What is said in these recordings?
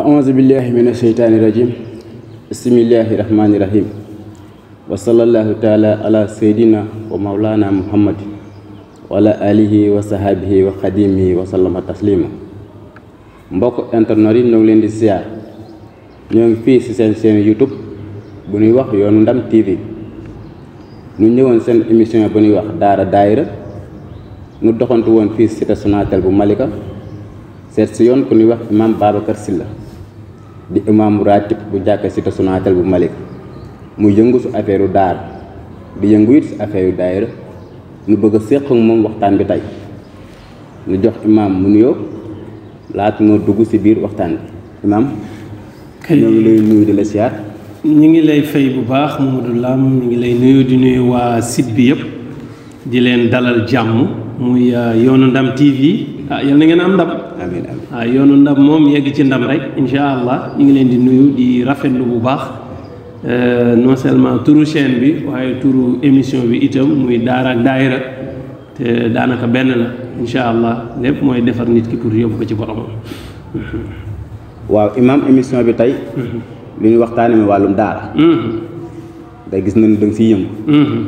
auzu billahi min asheytaani rajim bismillahi rahmaani rahim wa sallallahu taala ala seydina wa mawlana muhammad wa alihi wa sahaabihi wa xadimihi wa sallama taslima mbokk internet yi ñoo leen di siyaar ñoo ngi fii ci seen seen youtube bu ñuy wax yoonu ndam tv ñu ñëwoon seen émission bu ñuy wax daara daayira ñu doxantu woon fii ci bu Malika seet si yoon ku nuy wax imam Babacar Sylla di imam ratib bu jàkk cité bu malik. mu yëngu su affaireu dar di yëngu it affaireu daire ñu bëgg ak mom waxtaan bi tay ñu jox imam mu nuyo laata nga dugg si waxtaan imam ñoo ngi lay nuyu di la ziar ñi ngi lay fay bu baax Mamadou Lam ñi ngi lay nuyu di nuyu wa bi di len dalal jamm muy euh, yonu ndam TV ah yal na am ndam amin amin waaw ah, yoonu ndam moom yegg ci ndam rek incha allah ñu ngi leen di nuyu di rafetlu bu baax euh, non seulement turu chaîne bi waaye turu émission bi itam muy daara ak daayira te daanaka benn la incha allah lépp mooy defar nit ki pour yóbbu ko ci boromam. waaw imaam émission bi tey. Mhm. li ñu waxtaanee mi wàllum daara. day mhm. gis nañu da nga siy yëngu. Mhm.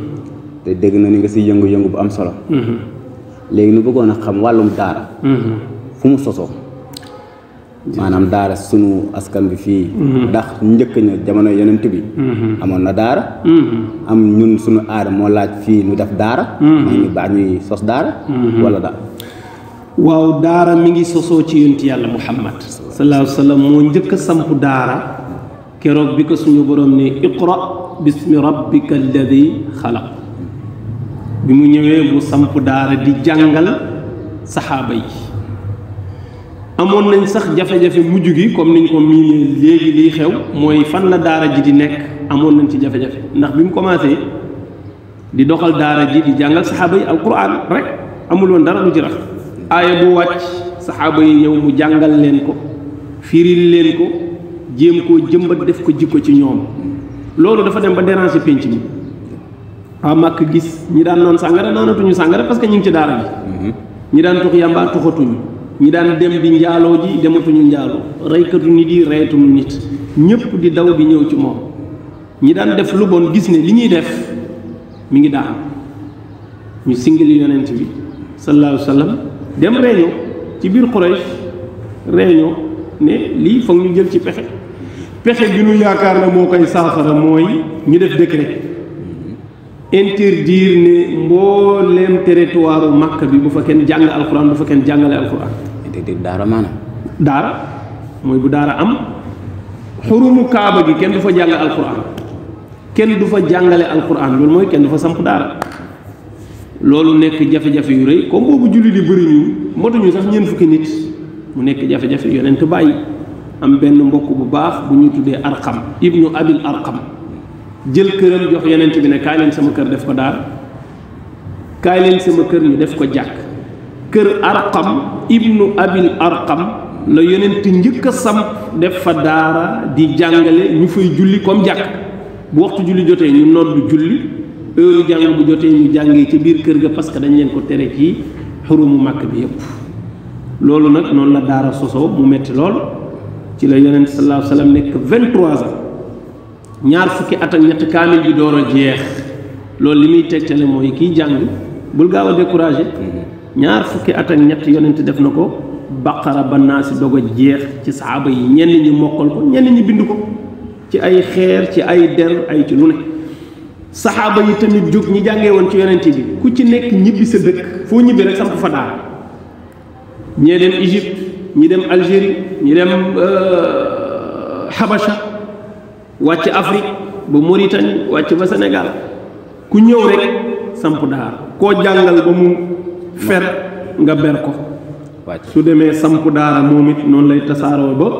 te dégg na ni nga siy yëngu-yëngu bu am solo. léegi ñu bëggoon a xam wàllum daara. fu mu sosoo. maanaam daara sunu askan bi fii mhm. ndax njëkk ña jamono yonent bi mhm. amoon na daara mhm. am ñun sunu aada moo laaj fii ñu def daara maa ngi baax sos daara wala daal waaw daara mi ngi sosoo ci yonent yàlla muhammad sallallahu moo njëkk a samp daara keroog bi ko suñu borom ne iqra bismi rabbika alladi bi mu ñëwee mu samp daara di jàngal saxaaba yi amoon nañ sax jafe-jafe mujj gi comme niñ ko miinee léegi liy xew mooy fan la daara ji di nekk amoon nañ ci jafe-jafe ndax bi mu commencé di doxal daara ji di jàngal saxaaba yi alquran rek amuloon woon dara lu ci aaya bu wàcc saxaaba yi ñëw mu jàngal leen ko firil leen ko jéem koo jëmbat def ko jikko ci ñoom loolu dafa dem ba déranger pénc mi waa màkk gis ñi daan naan sàngara naanatuñu sàngara parce que ñu ngi ci daara ji mm-hmm. ñi daan tux yàmbaa tuxatuñu ñi daan dem di njaaloo ji dematuñu njaaloo reykatu nit yi reyatuñu nit ñëpp di daw bi ñëw ci moom ñi daan def lu bon gis ne li ñuy def mi ngi daan ñu singili yonent bi sallallahu alayhi wa sallam dem réunion ci biir Quraysh réunion ne lii foog ñu jël ci pexe pexe bi ñu yaakaar ne moo koy saafara mooy ñu def décret interdire ne mbooleem territoire Makka bi bu fa kenn jàng alxuraan bu fa kenn jàngale alxuraan di dara mana dara moy bu dara am hurumu kaaba gi kenn du fa jang alquran kenn du fa jangale alquran lool moy kenn du fa samp dara loolu nek jafé jafé yu rëy comme boobu julli di bëri ñu ñu sax ñeen fukki nit mu nek jafé jafé yonent am benn mbokk bu baax bu ñu tuddé arqam ibnu abil arqam jël kërëm jox yonent bi ne kaay leen sama kër def ko dara kaay leen sama kër ñu def ko jakk kër arqam ibnu abil arkam la yonent njëkk a samp def fa daara di jàngale ñu fay julli comme jàkk bu waxtu julli jotee ñu nodd julli heure jàng bu jotee ñu jàngee ci biir kër ga parce que dañ leen ko tere ci xurumu màkk bi yépp loolu nag noonu la daara sosoo mu metti lool ci la yonent sallallahu alayhi wasallam nekk vingt-trois ans ñaar fukki at ak ñett kaamil bi door a jeex loolu li muy tegtale mooy kiy jàng bul gaaw a découragé mm-hmm. ñaar fukki at ak ñett yonent def na ko baqara ba naa si dog jeex ci saxaaba yi ñenn ñi mokkal ko ñenn ñi bind ko ci ay xeer ci ay der ay ci lu ne saxaaba yi tamit jóg ñi jàngee woon ci yonent bi ku ci nekk ñibbi sa dëkk foo ñibbi rek samp fa daara ñee dem Égypte ñi dem Algérie ñi dem euh, Habasha wàcc Afrique ba moritañ wàcc ba senegal ku ñëw rek samp daara koo jàngal ba mu fer nga ber ko su demee samp daara moom it noonu lay tasaaroo ba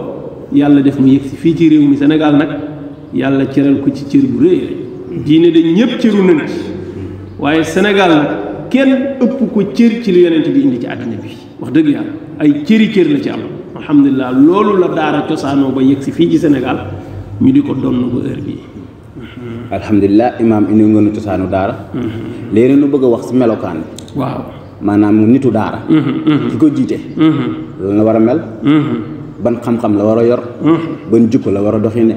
yàlla def mu yëg fii ci réew mi Sénégal nag yàlla ceral ko ci cër bu rëy diine dañ ñëpp cëru nañ ci waaye Sénégal nag kenn ëpp ko cër ci li yonent bi indi ci àddina bi wax dëgg yàlla ay cëri cër la ci am alhamdulilah loolu la daara cosaanoo ba yëg si fii ci Sénégal ñu di ko donn ba heure bii alhamdulilah imaam indi ngeen cosaanu daara mhm. léegi nu bëgg a wax si melokaan waaw maanaam nitu daara mhm, mhm. ki ko jiite mhm. lan la war a mel ban xam-xam la war a yor ban jikko la war a doxine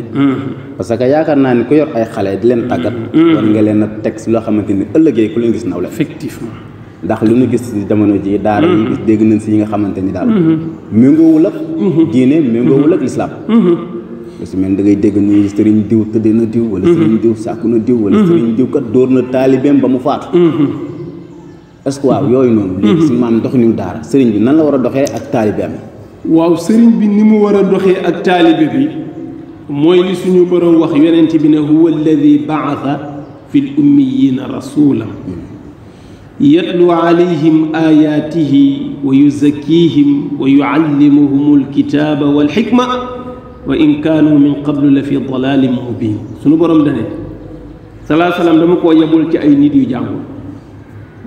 parce que yaakaar naa ni ku yor ay xale di leen tàggat war nga leen a teg si loo xamante ni ëllëgee ku leen gis naw la effectivement ndax lu ñu gis jamono ji daara yi dégg nañ si yi nga xamante ni daal méngoowul ak diine méngoowul ak lislaam lu si mel da ngay dégg ni sëriñ diw tëdd na diw wala sëriñ diw sàkku na diw wala sëriñ diw kat dóor na taalibeem ba mu faatu est-ce que waaw yooyu noonu. léegi suñu maam doxinu daara sëriñ bi nan la war a doxee ak taalibe am. waaw sëriñ bi ni mu war a doxee ak taalibe bi mooy li suñu borom wax yonent bi ne huwa alladi baasa fi l ummiyina rasulam yatlu alayhim ayatihi wa yuzakkihim wa yuallimuhum alkitaba walxikma wa in kaanu min qablu la fi dalalin mubin suñu borom dane salaa salaam dama koo yebul ci ay nit yu jàngul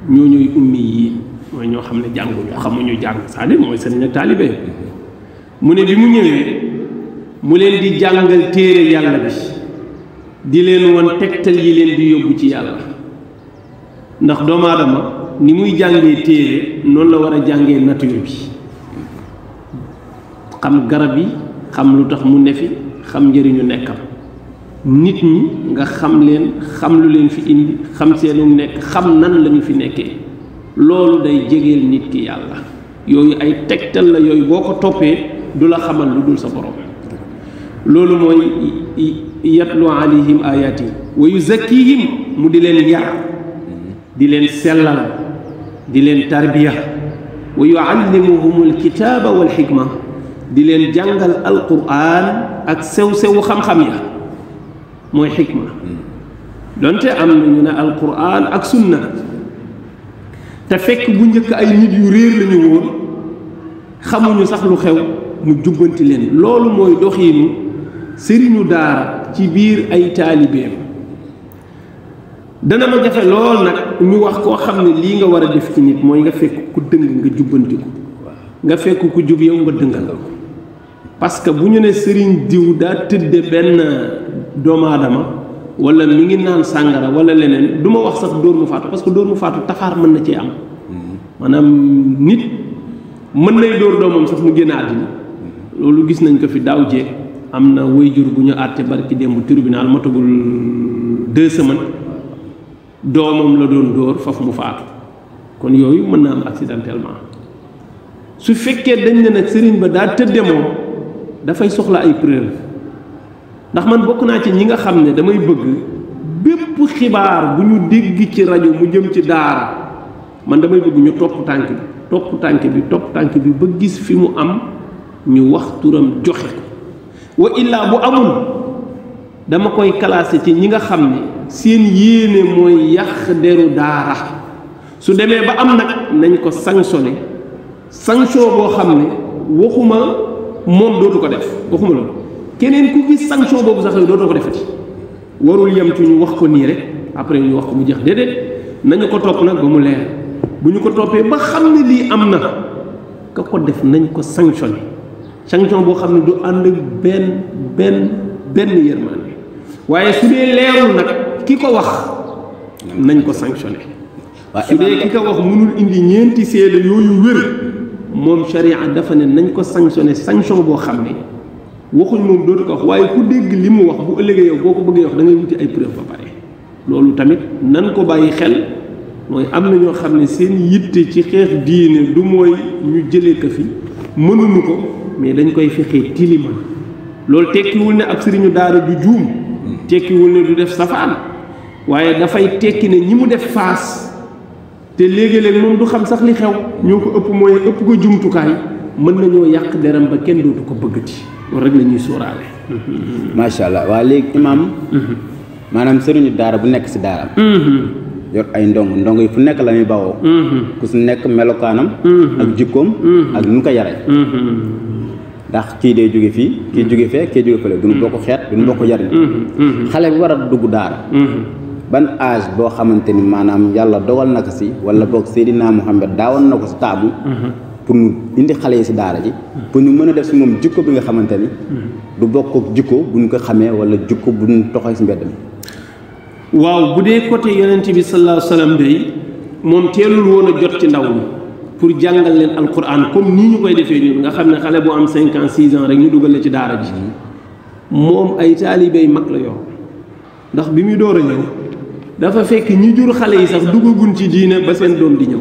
ñoo ñooy ummi yi mooy ñoo xam ne jànguñu xamuñu jàng cest à mooy seen ak taalibe mu ne bi mu ñëwee mu leen di jàngal téere yàlla bi di leen won tegtal yi leen di yóbbu ci yàlla ndax doomu aadama ni muy jàngee téere noonu la war a jàngee nature bi xam garab yi xam lu tax mu ne fi xam njëriñu nekkam nit ñi nga xam leen xam lu leen fi indi xam seenu nekk xam nan lañu fi nekkee loolu day jegeel nit ki yàlla yooyu ay tegtal la yooyu boo ko toppee du la xamal lu dul sa borom loolu mooy yatlu alayhim ayati wa yuzakkihim mu di leen yar di leen sellal di leen tarbiya wa yuallimuhum alkitaba wal di leen jàngal alquran ak sew-sewu xam-xam ya mooy xikma donte am na ñu ne alquran ak sunna te fekk bu njëkk ay nit yu réer lañu woon xamuñu sax lu xew ñu jubbanti leen loolu mooy doxiinu sëriñu daara ci biir ay taalibeem dana ma jafe lool nag ñu wax koo xam ne lii nga war a def ci nit mooy nga fekk ku dëng nga jubbanti nga fekk ku jub yow nga dëngal ko parce que bu ñu ne sëriñ diw daa tëdde benn doomu adama wala mi ngi naan sangara wala leneen du ma wax sax doomu mu faatu parce que doomu mu faatu taxaar mën na ci am maanaam nit mën nay door doomam sax mu génn àddina loolu gis nañ ko fi daaw jee am na wayjur bu ñu àtte barki démb tribunal matagul deux semaines doomam la doon dóor faf mu faatu kon yooyu mën na am accidentellement su fekkee dañ ne nag serigne ba daa tëdde moom dafay soxla ay preuve ndax man bokk naa ci ñi nga xam ne damay bëgg bépp xibaar bu ñu dégg ci rajo mu jëm ci daara man damay bëgg ñu topp tànk bi topp tànk bi topp tànk bi ba gis fi mu am ñu wax turam joxe ko wa illaa bu amul dama koy classé ci ñi nga xam ne seen yéene mooy yàq deru daara su demee ba am nag nañ ko sanctionné sanction boo xam ne waxuma moom dootu ko def waxuma loolu keneen ku gis sanction boobu sax dootoo ko defati warul yem ci ñu wax ko nii rek après ñu wax ko mu jeex déedéet nañu ko topp nag ba mu leer bu ñu ko toppee ba xam ne lii am na ka ko def nañ ko sanctionné sanction boo xam ne du ànd benn benn benn yërmaande waaye su dee leerul nag ki ko wax nañ ko sanctionné su dee ki ko wax mënul indi ñeenti seede yooyu wér moom charia dafa ne nañ ko sanctionné sanction boo xam ne waxuñ moom dootu ko wax waaye ku dégg li mu wax bu ëllëgee yow boo ko bëggee wax da ngay wuti ay preuve ba pare loolu tamit nan ko bàyyi xel mooy am na ñoo xam ne seen yitte ci xeex diine du mooy ñu jëlee ko fi mënuñu ko mais dañ koy fexee tilima loolu tekkiwul ne ak sëriñu daada du juum tekkiwul ne du def safaan waaye dafay tekki ne ñi mu def faas te léegi leen moom du xam sax li xew ñoo ko ëpp mooy ëpp ko jumtukaay mën nañoo yàq deram ba kenn dootu ko bëggati loolu rek la ñuy sóoraale. macha allah waa léegi imaam. Mm-hmm. maanaam sëriñu daara bu nekk si daara. Mm-hmm. yor ay ndong ndongo yi fu nekk lañuy ñuy mm-hmm. ku si nekk melokaanam. ak jikkoom. ak nu ko yare ndax kii day jóge fii kii jóge fee kii jóge fële duñu bokk xeet duñu bokk yariñ xale bi war a dugg daara ban âge boo xamante ni maanaam yàlla dogal na ko si wala boog naa Muhammad daawoon na ko si taabu pour ñu indi xalé ci daara ji hmm. pour ñu mëna def ci mom jikko bi nga xamanteni hmm. du bokk ak jikko bu ñu ko xamé wala jikko bu ñu toxee si mbedd mi waaw bu dee côté yonent bi sallallahu alayhi wasallam day mom télul wona jot ci ndaw ñi pour jangal leen alquran comme ni ñu koy défé ñu nga xamné xalé bu am 5 ans 6 ans rek ñu duggal la ci daara ji mom hmm. ay talibé mak la yo ndax bi mi doora a dafa fekk ñi jur xalé yi sax duggu dugagun ci diine ba seen doom di ñew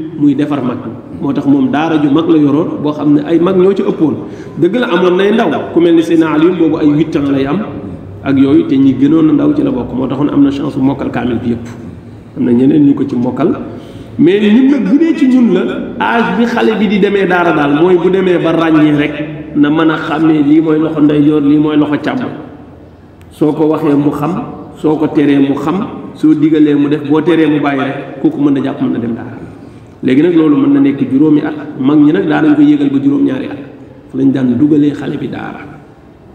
muy defar mag moo tax moom daara ju mag la yoroon boo xam ne ay mag ñoo ci ëppoon dëgg la amoon nay ndaw ku mel ni Seydina Alioune boobu ay huit ans lay am ak yooyu te ñi gënoon ndaw ci la bokk moo taxoon am na chance bu mokkal kaamil bi yëpp na ñeneen ñu ko ci mokkal mais ñun nag ci ñun la âge bi xale bi di demee daara daal mooy bu demee ba ràññee rek na mën a xàmmee lii mooy loxo ndeyjoor lii mooy loxo càmm soo ko waxee mu xam soo ko teree mu xam soo digalee mu def boo teree mu bàyyi rek kooku mën a jàpp mën a dem léegi nag loolu mën na nekk juróomi at mag ñi nag daana daanañ ko yéegal ba juróom-ñaari at lañ daan dugalee xale bi daara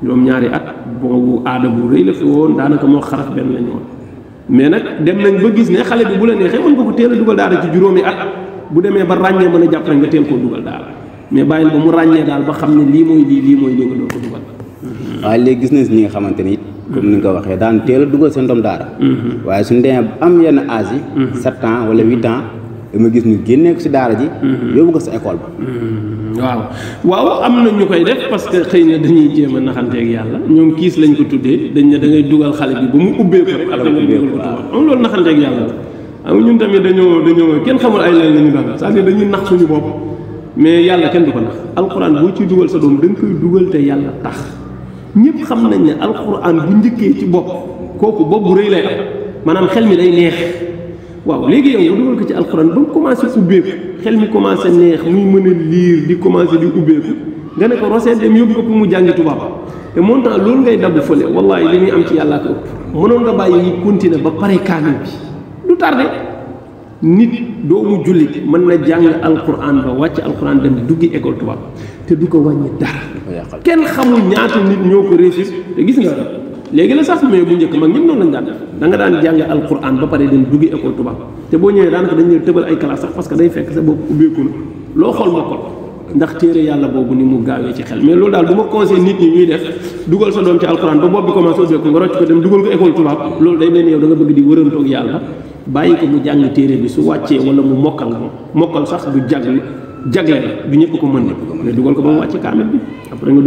juróom-ñaari at boobu aada bu rëy la fi woon daanaka moo xaraf benn lañ woon mais nag dem nañ ba gis ne xale bi bu la neexee mën ko teel a dugal daara ci juróomi at bu demee ba ràññee mën a jàpp rek nga teel koo dugal daara mais bàyyil ba mu ràññee daal ba xam ne lii mooy lii lii mooy lii nga doon ko dugal. waaye léegi gis nañ si ñi nga xamante ni comme ni nga ko waxee daan teel a dugal seen doom daara. Mm-hmm. waaye suñu demee am yenn âge yi. Mm-hmm. sept wala huit ans. dama gis ñu génnee ko si daara ji. Mm-hmm. yóbbu ko sa école ba. Mm-hmm. waaw waaw am na ñu koy def parce que xëy na dañuy jéem a naxanteeg yàlla ñoom kiis lañ ko tuddee dañ ne da ngay dugal xale bi ba mu ubbee ko rek. après nga dugal ko tubaab loolu naxanteeg yàlla la. am ñun tamit dañoo dañoo kenn xamul ay lay la ñu doon c'est-à-dire dañuy nax suñu bopp mais yàlla kenn du ko nax alxuraan boo ciy dugal sa doom da nga koy dugal te yàlla tax ñëpp xam nañ ne alxuraan bu njëkkee ci bopp kooku bopp bu rëy lay am xel mi day waaw léegi yow dugal ko ci alxuraan ba mu commencé ubbeeku xel mi commencé neex muy mën a liir di commencé di ubbeeku nga ne ko rosee dem yóbbu ko pour mu jàngi tubaab te montant loolu ngay dabb fële wallaahi li muy am ci yàllaa ko ëpp mënoon nga bàyyi yi ba pare kaamil bi du tardé nit doomu jullit mën na jàng alxuraan ba wàcc alxuraan dem duggi école tubaab te du ko wàññi dara kenn xamul ñaata nit ñoo ko réussir te gis nga léegi la sax mais bu njëkk mag ñëpp noonu lañ daan def da nga daan jàng alquran ba pare dem duggi école tubaab te boo ñëwee daanaka dañ ñëw tëbal ay classe sax parce day fekk sa bopp ubbeeku na loo xool mokkal ndax téere yàlla boobu ni mu gaawee ci xel mais loolu daal bu ma conseil nit ñi ñuy def dugal sa doom ci alquran ba bopp bi commencé ubbeeku nga rocc ko dem dugal ko école tubaab loolu day benn yow da nga bëgg di wërantoog yàlla bàyyi ko mu jàng dugal ko ba mu wàcce kaamil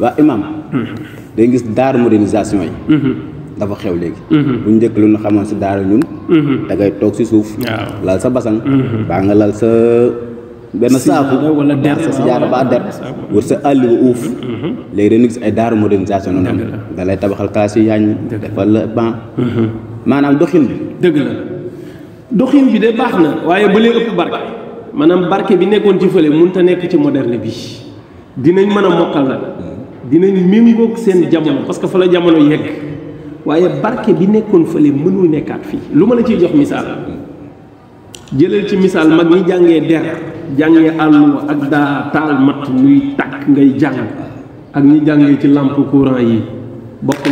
waa imam mhm. day gis daaru modernisation yi mhm. dafa xew léegi mhm. bu njëkk lu ñu xamoon si daara ñun da toog si suuf lal sa basan baa nga lal sa benn saaku da sa si jaara ba der wër sa àll ba uuf léegi dañu gis ay daaru modernisation noonu am tabaxal kaas yu yàññ defal la maanaam doxin bi dëgg la doxin bi de baax na waaye ba ëpp barke maanaam barke bi nekkoon ci fële mënut a nekk ci moderne bi dinañ mën a mokkal la dinañ méngoog seen jamono parce que fa la jamono yegg waye barke bi nekkoon fële mënul nekkaat fii lu luma la ci jox misal jëlal ci misal mag ni jange der jàngee allu ak da tal mat muy tak ngay jang ak ni jàngee ci lampe courant yi bokku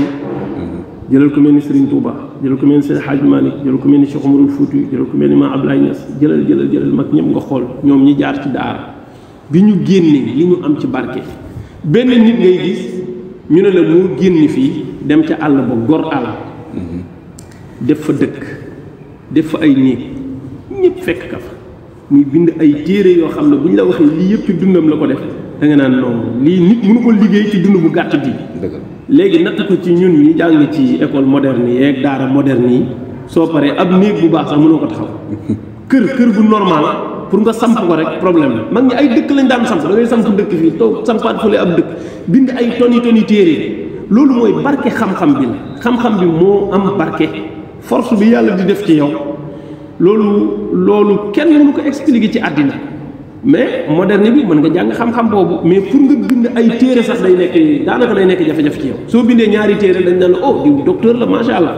jëlal ko mel ni Serigne Touba jëlal ko mel ni Serigne Hadj malik jëlal ko mel Cheikh Omarul foutu jëlal ko mel ma Abdoulaye jëlal jëlal jëlal mag ñem nga xol ñom ñi jaar ci daara biñu génné am ci barke benn nit ngay gis ñu ne la moo génn fii dem ca àll ba gor àll def fa dëkk def fa ay néeg ñëpp fekk ka fa muy bind ay téere yoo xam ne bu ñu la waxee lii yëpp dundam la ko def da nga naan non lii nit mënu ko liggéey ci dund bu gàtt bi léegi natt ko ci ñun ñi jàng ci école moderne yeeg daara moderne yi soo paree ab néeg bu baax sax mënoo ko taxaw kër kër bu normal pour nga samp ko rek problème la mag ni ay dëkk lañ daan samp da ngay samp dëkk to toog sampaat fële am dëkk bind ay toni toni téré lolu moy barké xam-xam bi xam-xam bi mo am barké force bi yalla di def ci yow lolu lolu kenn mënu ko expliquer ci adina mais moderne bi mën nga jang xam-xam bobu mais pour nga bind ay téré sax day nekk danaka lay nekk jafé jafé ci yow so bindé ñaari téré lañ dal oh di docteur la machallah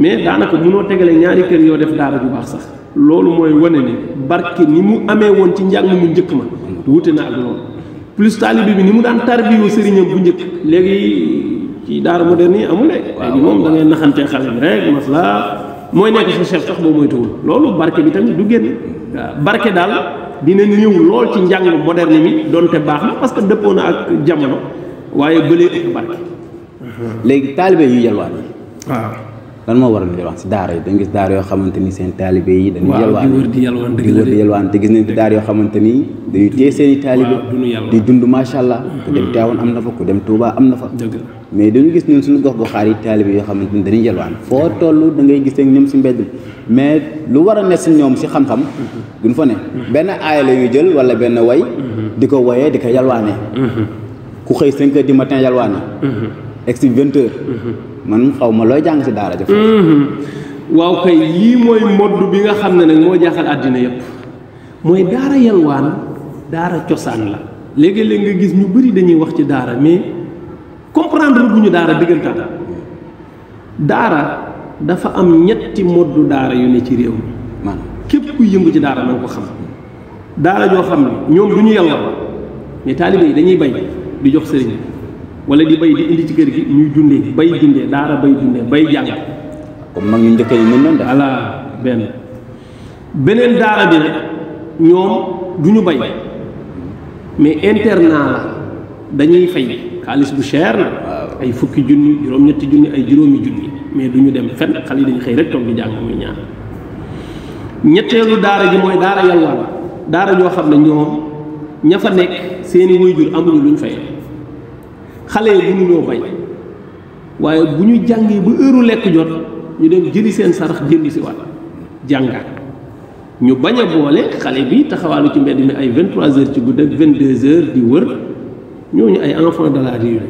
mais daanaka mënoo tegale ñaari kër yoo def daara ju baax sax loolu mooy wane ni barke ni mu amee woon ci njàng mu njëkk ma wute na ak loolu plus taalibe bi ni mu daan tarbiyu sëriñam bu njëkk léegi ci daara moderne yi amul de léegi moom da ngay naxantee xale rek masla mooy nekk sa chef sax boo moytuwul loolu barke bi tamit du génn barke daal dina ñëw lool ci njàng moderne mi donte baax na parce que dëppoo na ak jamono waaye bëlee ak barke léegi talibé yu yalwaan waaw lan moo waral yalwaan si daara yi dañu gis daara yoo xamante ni seen taalibe yi dañuy yalwaan di wër yalwaan te gis nañ fi daara yoo xamante dañuy téye seen i taalibe di dund macha allah mm-hmm. ku dem Tiwaawan am na fa ku dem Touba am na fa mais dañu gis ñun suñu gox goxaar yi taalibe yoo xamante ni dañuy yalwaan foo toll da ngay gis ak ñoom si mbedd mais lu war a ne si ñoom si xam-xam mm-hmm. duñ fa ne mm-hmm. benn aaya yu jël wala benn way di ko woyee di ko yalwaanee ku xëy cinq heures du matin yalwaane egsi vingt heures man xaw ma looy jàng si daara ja mhm. waaw kay yii mooy modd bi nga xam ne nag moo jaaxal àddina yëpp mooy daara yalwaan daara cosaan la léegi-léeg nga gis ñu bari dañuy wax ci daara mais comprendre bu ñu daara diggantaan daara dafa am ñetti moddu daara yu ne ci réew mi maanaam képp kuy yëngu ci daara na ko xam daara joo xam ne ñoom du ñu yalwaan mais taalibe yi dañuy bay di jox sëriñ wala di bay di indi ci kër gi ñuy dundee bay dundee daara bay dundee bay jàng. comme mag ñu njëkk yi mën noonu de. voilà benn beneen daara bi nag ñoom du ñu bay mais internat la dañuy fay xaalis bu cher na. ay fukki junni juróom-ñetti junni ay juróomi junni mais du ñu dem fenn xale yi dañu xëy rek toog di jàng muy ñaar ñetteelu daara ji mooy daara yàlla la daara ñoo xam ne ñoom ña fa nekk seeni waajur amuñu luñ fay. xale yi mënuñoo bay waaye bu ñu jàngee bu heure lekk jot ñu dem jëli seen sarax jëndi si waat jàngaat ñu bañ a boole xale bi taxawaalu ci mbedd mi ay 23 heures ci guddi vingt 22 heures di wër ñooñu ay enfants de la rue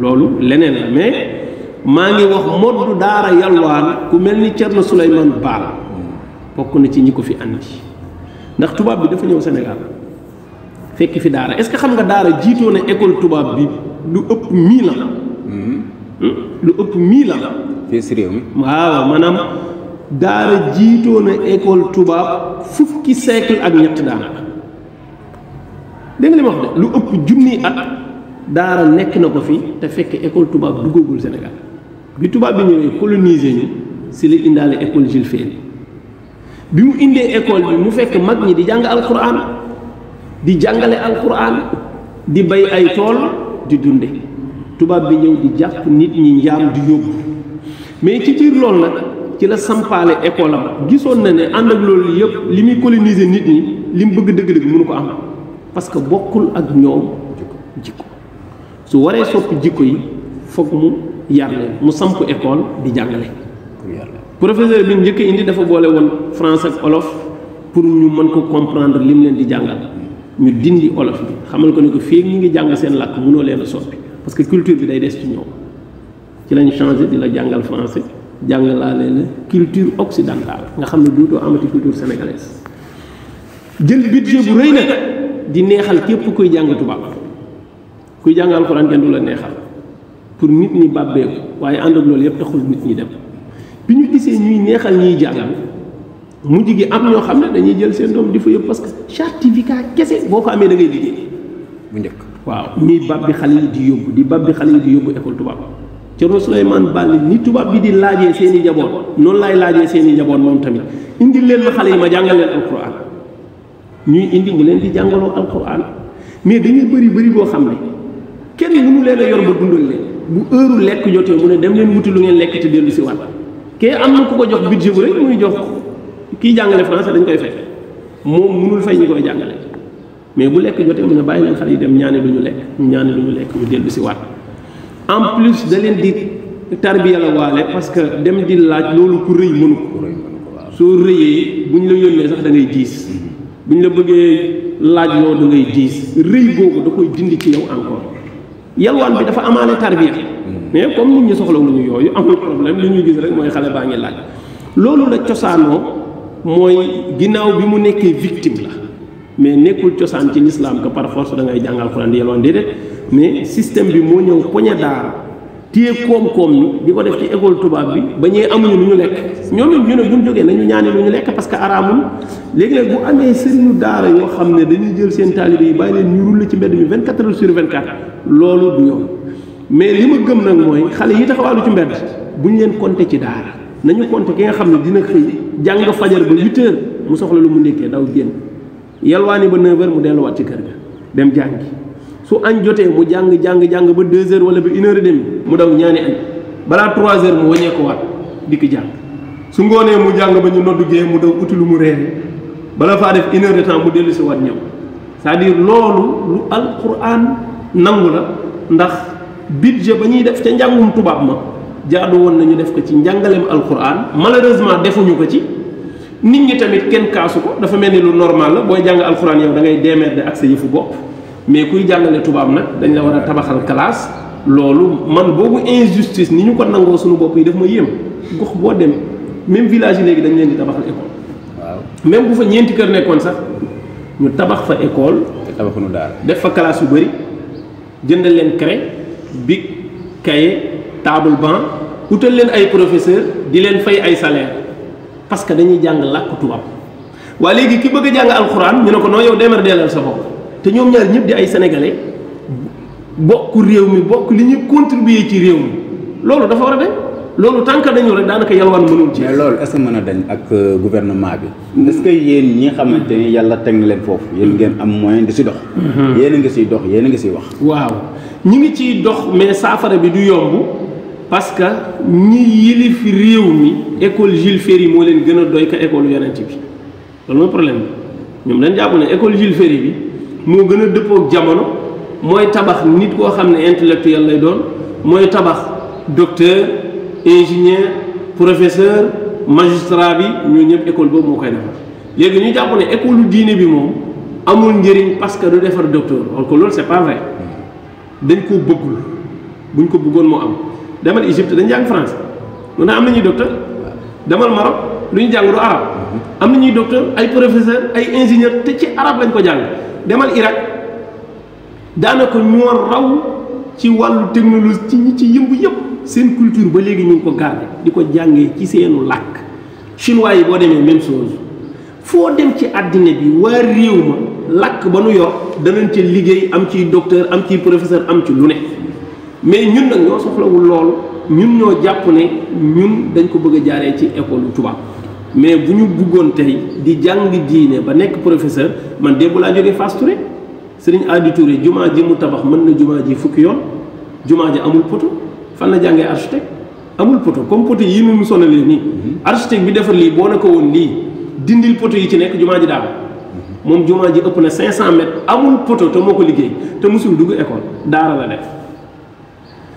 loolu leneen la mais maa ngi wax moddu daara yalwaan ku mel ni Thierno Souleymane Baal bokk na ci ñi ko fi ànd andi ndax tubaab bi dafa ñëw Sénégal fekk fi daara est-ce que xam nga daara jiitoo na école tubaab bi. lu ëpp mii la lu ëpp mii la fii si réew mi waaw maanaam daara jiitoo école tubaab fukki siècle ak ñett daanaka dégg nga wax de lu ëpp junni at daara nekk na ko fi te fekk école tubaab duggagul Sénégal bi tubaab bi ñëwee coloniser ñu si li indaale école Jules Ferry bi mu indee école bi mu fekk mag ñi di jàng alquran di jàngale alquran di bay ay tool di dunde tubaab bi ñëw di jàpp nit ñi njaam di yóbbu mais ci biir loolu nag ci la sampaale école am gisoon na ne ànd ak loolu yëpp li muy coloniser nit ñi li mu bëgg dëgg-dëgg mënu ko am parce que bokkul ak ñoom jikko su waree soppi jikko yi foog mu yar mu samp école di jàngale professeur bi njëkk indi dafa boole woon France ak olof pour ñu mën ko li mu leen di jàngal ñu dindi olof bi xamal ko ne ko fii ñu ngi jàng seen làkk mënoo leen a soppi parce que culture bi day des ci ñoom ci lañu changé di la jàngal français jàngalaale la culture occidentale nga xam ne duutoo amati culture sénégalaise jël budget bu rëy nag di neexal képp kuy jàng tubaab kuy jàngal alxuraan kenn du la neexal pour nit ñi bàbbeeku waaye ànd loolu yëpp taxul nit ñi dem bi ñu gisee ñuy neexal ñuy jàngal mujj gi am ñoo xam ne dañuy jël seen doom di fa yóbbu parce que certificat kese boo ko amee da ngay liggéey bu njëkk waaw ñuy bab bi xale yi di yóbbu di bab bi xale yi di yóbbu école tubaab Thierno Souleymane Ball ni tubaab bi di laajee seeni i njaboot noonu laay laajee seen i njaboot moom tamit indi leen ma xale yi ma jàngal leen alquran ñuy indi mu leen di jàngaloo alquran mais dañuy bëri bëri boo xam ne kenn mënu leen a yor ba dundal leen bu heure lekk jotee mu ne dem leen wuti lu ngeen lekk te dellu si waat kee na ku ko jox budget bu rek muy jox kii jàngale français dañ koy fay moom mënul fay ñi koy jàngale mais bu lekk jotee mu ne bàyyi leen xale yi dem ñaane lu ñu lekk ñu ñaane lu ñu lekk ñu dellu si waat en plus da leen di tarbiya la waale parce que dem di laaj loolu ku rëy mënu ko soo rëyee bu ñu la yónnee sax da ngay diis bu ñu la bëggee laaj loo da ngay diis rëy googu da koy dindi ci yow encore yalwaan bi dafa amaale tarbiya mais comme ñu nit ñi soxlawuñu yooyu amul problème li ñuy gis rek mooy xale baa ngi loolu la cosaanoo mooy ginnaaw bi mu nekkee victime la mais nekkul cosaan ci lislaam que par force da ngay jàng alxuraan di mais système bi moo ñëw poñe daara téye koom-koom ñu di ko def ci école tubaab bi ba ñee amuñu lu ñu lekk ñoom it ñu ne buñ jógee nañu ñaane lu ñu lekk parce que araamul léegi nag bu amee sëriñu daara yoo xam ne dañuy jël seen taalibe yi bàyyi leen ñu rulle ci mbedd mi 24 heures sur 24 loolu du ñoom mais li ma gëm nag mooy xale yi taxawaalu ci mbedd bu leen compter ci daara nañu compter ki nga xam ne dina xëy jàng fajar ba 8 heures mu soxla lu mu ndékkee daw génn yalwaani ba 9 heures mu delluwaat ci kër ga dem jàngi su añ jotee mu jàng jàng jàng ba 2 heures wala ba 1 heure mu daw ñaani añ balaa 3 heures mu wàññee ko waat dikk jàng su ngoonee mu jàng ba ñu noddu gee mu daw uti lu mu reere bala faa def une heure de temps mu dellu si waat ñëw c'est-à-dire loolu lu alquran nangu la ndax budget ba ñuy def ca njàngum tubaab ma jaadu woon nañu def ko ci njàngaleem alquran malheureusement defuñu ko ci nit ñi tamit kenn kaasu ko dafa mel ni lu normal la booy jàng alquran yow dangay ngay démerde ak sa yëfu bopp mais kuy jàngale tubaab nag dañ la war a tabaxal kalaas loolu man boobu injustice ni ñu ko nangoo suñu bopp yi daf ma yéem gox boo dem même village léegi dañ leen di tabaxal école waaw même bu fa ñeenti kër nekkoon sax ñu tabax fa école tabaxuñu daara def fa kalaas yu bëri jënd leen craie bic table banc wutal leen ay professeur di leen fay ay salaire parce que dañuy jàng làkk tubaab waa léegi ki bëgg jàng alxuraan ñu ne ko noo yow demer deelal sa bopp te ñoom ñaar ñëpp di ay sénégalais bokk réew mi bokk li ñuy contribuer ci réew mi loolu dafa war a dem loolu tànk dañu rek daanaka yalwaan mënul ci. mais loolu est mën a dañ ak euh, gouvernement bi. Mm. est-ce que yéen ñi xamante ni yàlla teg na leen foofu. yéen mm. ngeen am moyen di si dox. Mm-hmm. yéen a ngi siy dox yéen a ngi siy wax. waaw ñu ngi ciy dox mais saafara bi du yomb. parce que ni yilif réew mi école Jules Ferry mo len gëna doy ka école yonent bi loolu problème bi ñoom dañ jàpp ne école Jules Ferry bi mo gëna depp ak jamono moy tabax nit ko xamné intellectuel lay doon moy tabax docteur ingénieur professeur magistrat bi ñu ñëp école bo mo koy defar léegi ñu jàpp ne école diine bi moom amul njëriñ parce que do defar docteur alors que loolu c'est pas vrai dañ ko bëggul buñ ko bëggoon mo am demal Égypte dañu jàng français mun na am na ñuy docteur demal Maroc lu ñu jàng du arab am na ñuy docteur ay professeur ay ingénieur te ci arab lañ ko jàng demal Irak daanaka ñoo raw ci wàllu technologie ci ñi ci yëmb yëpp seen culture ba léegi ñu ngi ko garder di ko jàngee ci seenu làkk chinois yi boo demee même chose foo dem ci àddina bi waa réew ma làkk ba nu yor danañ ca liggéey am ciy docteur am ciy professeur am ci lu ne mais ñun nag ñoo soxlawul loolu ñun ñoo jàpp ne ñun dañ ko bëgg a jaaree ci école tubaab mais bu ñu buggoon tey di jàng diine ba nekk professeur man démb laa jógee Fass Touré sëriñ Adi Touré jumaa ji mu tabax mën na jumaa ji fukki yoon jumaa ji amul poto fan la jàngee amul poto comme poto yi nu mu sonalee nii mhm. architecte bi defar lii boo ne ko woon lii dindil poto yi ci nekk jumaa ji daal mhm. moom jumaa ji ëpp na 500 mètres amul poto te moo ko liggéey te mosul dugg école daara la def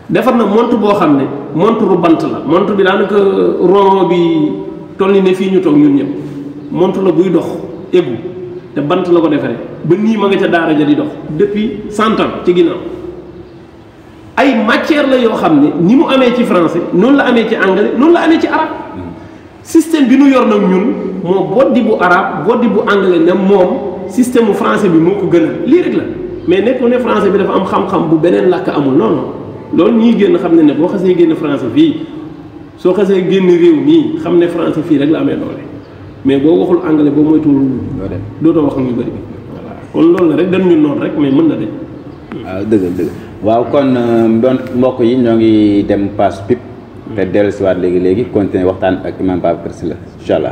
defar na montre boo xam ne montre ru bant la montre bi daanaka rond bi toll ni ne fii ñu toog ñun ñëpp montre la buy dox te bant la ko defaree ba nii ma nga ca di dox depuis cent ci ginnaaw ay matière la yoo xam ne ni mu amee ci français noonu la amee ci anglais noonu la amee ci arabe système bi nu yor nag ñun moo boddi bu arabe boddi bu anglais ne moom système mu français bi moo ko gënal lii rek la mais nekkul ne français bi dafa am xam-xam bu beneen làkk amul non non loolu ñuy génn xam ne ne boo xasee génn France fii soo xasee génn réew mii xam ne France fii rek la amee doole mais boo waxul anglais boo moytuwul dootoo wax ñu bëri voilà kon loolu la rek dañu noonu rek mais mën na de waaw ah, dëgg dëgg waaw kon euh, mbokk yi ñoo ngi dem passe pipe te dellusiwaat léegi léegi continuer waxtaan ak imam Babacar Sylla incha allah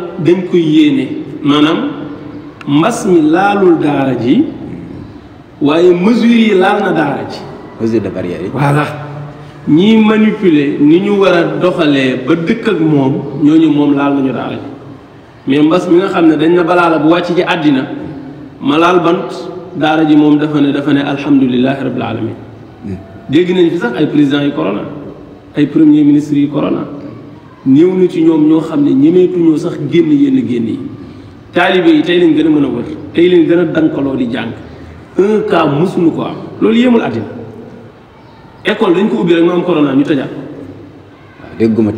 dañ koy yéene maanaam mbas mi laalul daara ji waaye mesures yi laal na daara ji. mesures de barrière yi. voilà ñiy manipuler ni ñu war a doxalee ba dëkk ak moom ñooñu moom laal nañu daara ji mais mbas mi nga xam ne dañ na balaa bu wàcc ci àddina ma laal bant daara ji moom dafa ne dafa ne alhamdulilahi rabbil alamin hmm. dégg nañ fi sax ay présidents yu corona ay premiers ministres yu korona néew na ci ñoom ñoo xam ne ñemeetuñoo sax génn yenn génn yi taalibe yi tey leen gën a mën a wër tey leen gën a dankaloo di jàng un cas ko am loolu yéemul àddina école dañ ko ubbi rek mu am corona ñu tëjaat. waaw dégguma am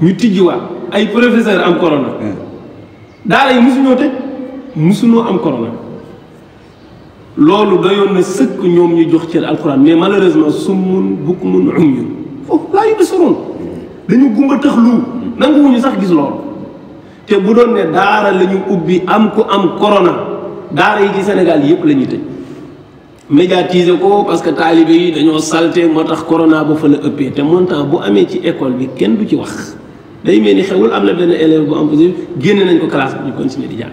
de. ñu tijjiwaat ay professeur am corona. Hmm. daara yi mësuñoo tëj mësuñoo am corona. loolu dayoon na sëkk ñoom ñu jox ci alxuraan mais malheureusement summun bukmun umyun foofu laa yubsiruun dañu gumba tëx lu nanguwuñu sax gis loolu te bu doon ne daara la ñu ubbi am ku am corona daara yi ci Sénégal yëpp la ñuy tëj médiatiser ko parce que taalibe yi dañoo salte moo tax corona ba fa la ëppee te montant bu amee ci école bi kenn du ci wax day mel ni xewul am na benn élève bu am positif génne nañ ko classe bi ñu continuer di jàng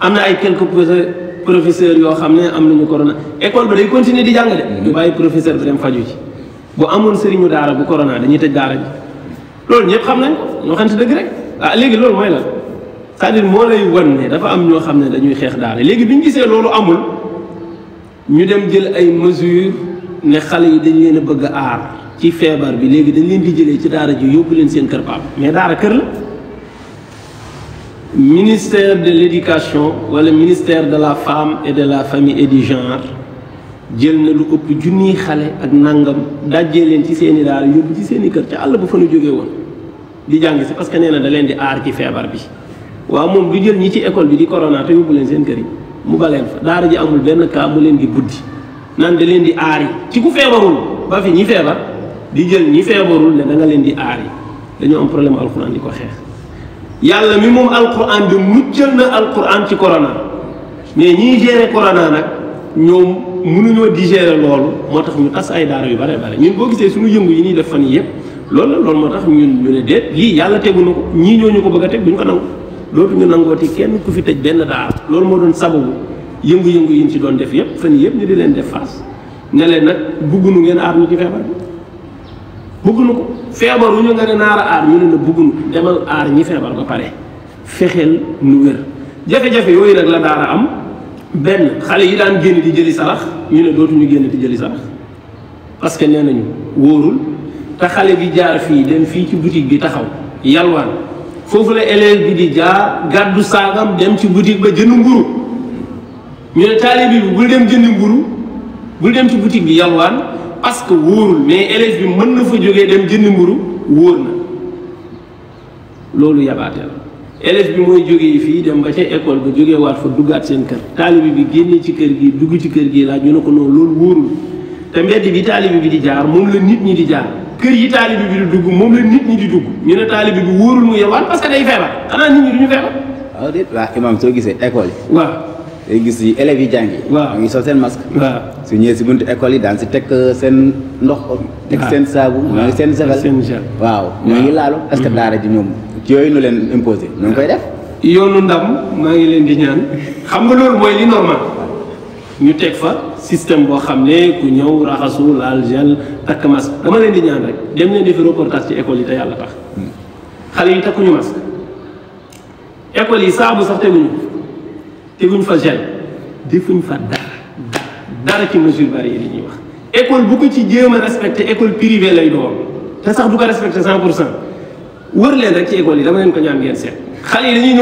am na ay quelques professeurs yoo xam ne am nañu corona école ba day continuer di jàng de. du mm-hmm. bàyyi professeur bi dem faju ci bu bu corona dañuy tëj loolu ñëpp xam nañ ko ñu waxante dëgg rek ah léegi loolu mooy lan c'est-à-dire moo lay wan ne dafa am ñoo xam ne dañuy xeex daane léegi bi ñu gisee loolu amul ñu dem jël ay mesures ne xale yi dañ leen a bëgg a aar ci feebar bi léegi dañ leen di jëlee ci daara ji yóbbu leen seen kër paam mais daara kër la ministère de l'éducation wala ministère de la femme et de la famille et du genre jël na lu ëpp junniy xale ak nangam dajjee leen ci seeni daara yóbbu ci seeni kër ca àll ba fa nu jógee woon di jàng si parce que nee na da leen di aar ci feebar bi waaw moom du jël ñi ci école bi di corona te yóbbu leen seen kër yi mu baleen fa daara ji amul benn cas mu leen di buddi naan da leen di aar yi ci ku feebarul ba fi ñi feebar di jël ñi feebarul ne da nga leen di aar yi dañoo am problème alquran di ko xeex yàlla mi moom alquran bi jël na alquran ci corona mais ñiy gérer corona nag ñoom di digérer loolu moo tax ñu tas ay daara yu bare bare ñun boo gisee suñu yëngu yi ñuy def fan yëpp loolu la loolu moo tax ñun ñu ne déet lii yàlla tegu na ko ñii ñoo ñu ko bëgg a teg duñ ko nangu dootu ñu nangooti kenn ku fi tëj benn daara loolu moo doon sababu yëngu-yëngu yi ñu ci doon def yëpp fan yëpp ñu di leen def face ne leen nag bëggunu ngeen aar ñu ci feebar bi bëggunu ko feebaru ñu nga ne naara aar ñu ne na bëggunu demal aar ñi feebar ba pare fexeel nu wér jafe-jafe yooyu nag la daara am benn xale yi daan génn di jëli sarax ñu ne dootuñu génn di jëli sarax parce que nee nañu wóorul ta xalé bi jaar fi dem fi ci boutique bi taxaw yalwan fofu la élève bi di jaar gaddu sagam dem ci boutique ba jënd nguru ñu bi bul dem jënd nguru bul dem ci boutique bi yalwan parce que wóorul mais élève bi mën na fa joggé dem jënd nguru wóor na loolu yabaate la élève bi moy joggé fi dem ba ci école ba joggé wat fa duggaat seen kër talib bi génné ci kër gi dugg ci kër gi la ñu ko bi talib bi di jaar moom la nit ñi di jaar kër yi taalibe bi di dugg moom la nit ñi di dugg ñu ne taalibe bi wóorul mu yewaan parce que day feebar xanaa nit ñi du ñu feebar. Ah, waaw déet soo gisee école yi. waaw. day gis yi élèves yi jàngi. waaw ñu ngi sol seen masque. waaw su ñëwee si buntu école yi daan si teg euh, seen ndox. teg seen saabu. waaw ngi seen javel waaw ñoo ngi laalu est-ce que mm-hmm. daara ji ñoom yooyu nu leen imposé. ñu ngi koy def. yoonu ndam maa ngi leen di ñaan xam nga loolu mooy li normal. ñu tek fa système bo xamné ku ñew rahasu lal gel mas dama leen di ñaan rek dem leen reportage ci école yi ta yalla tax yi masque école yi sax fa gel defuñ fa dara dara ci mesure bari yi ñi wax école bu ko ci jéem a école privée lay doon te sax du ko respecter de wër leen rek ci école yi dama leen ko ñaan ngeen seet xale yi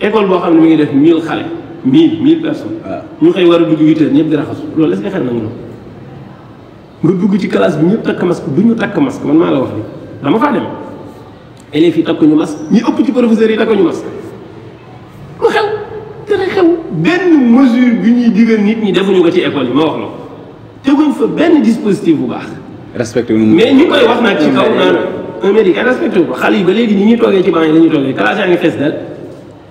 école boo xam ne mi ngi def mille xale mille mille personnes. ñu xëy war a dugg huit heures ñëpp di raxasu loolu est na que xel nañu nga dugg ci classe bi ñëpp takk masque bu ñu takk masque man maa la wax nii dama faa dem élèves yi takkuñu masque ñi ëpp ci professeurs yi takkuñu masque lu xew dara xew benn bi ñuy digal nit ñi defuñu ko ci école yi ma wax la ko teguñ fa benn dispositif bu baax. respecté wu mais ñu koy wax nag ci kaw naan un médecin ko xale yi ba léegi ñi ñu toogee ci banc yi toogee classe yaa ngi fees dal.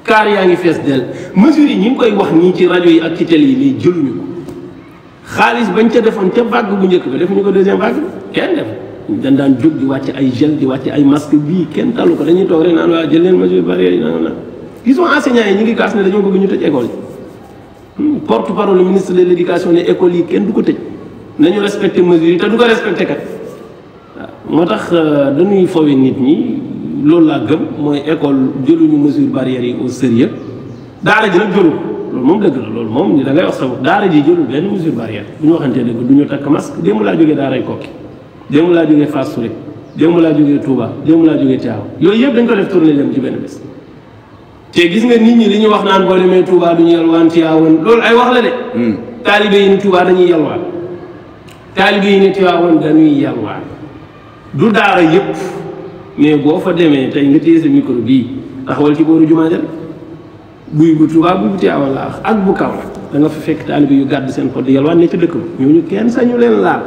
kaar yaa ngi fees dell mesures yi ñu ngi koy wax nii ci rajo yi ak ci télé yi mais jëluñu ko xaalis bañ ca defoon ca bàgg bu njëkk ba defuñu ko deuxième vague kenn def dañ daan jóg di wàcc ay gel di wàcc ay masque bii kenn talu ko dañuy toog rek naan waa jël leen mesures barrières yi naan la gisoo enseignants yi ñu ngi kaas ne dañoo bëgg ñu tëj école yi hmm, porte parole ministre de l' éducation ne école yi kenn du ko tëj nañu respecté mesures yi te du ko respecté kat waaw moo tax euh, dañuy fowe nit ñi loolu laa gëm mooy école jëluñu mesure barrière yi au sérieux daara ji nag jëlu loolu moom dëgg la loolu moom ni da ngay wax sa daara ji jëlul benn mesure barrière bu ñu waxantee dëgg du ñu takk masque démb laa jógee daaray kokki démb laa jógee Fass Souré démb laa jógee Touba démb laa jógee Thiaw yooyu yëpp dañ ko def tournée dem ci benn bés te gis nga nit ñi li ñu wax naan boo demee tuubaa du ñu yalwaan Thiawoon loolu ay wax la de hmm. taalibe yi ni tuubaa dañuy yalwaan taalibe yi ni Thiawoon dañuy yalwaan du daara yëpp mais boo fa demee tey nga téye sa micro bii taxawal ci booru jumaa ja buy bu Tuubaa buy bu Tiwaawan la ak bu kaw da nga fa fekk taalibe yu gàdd seen xol di yalwaan ne ci dëkk bi ñooñu kenn sañu leen laal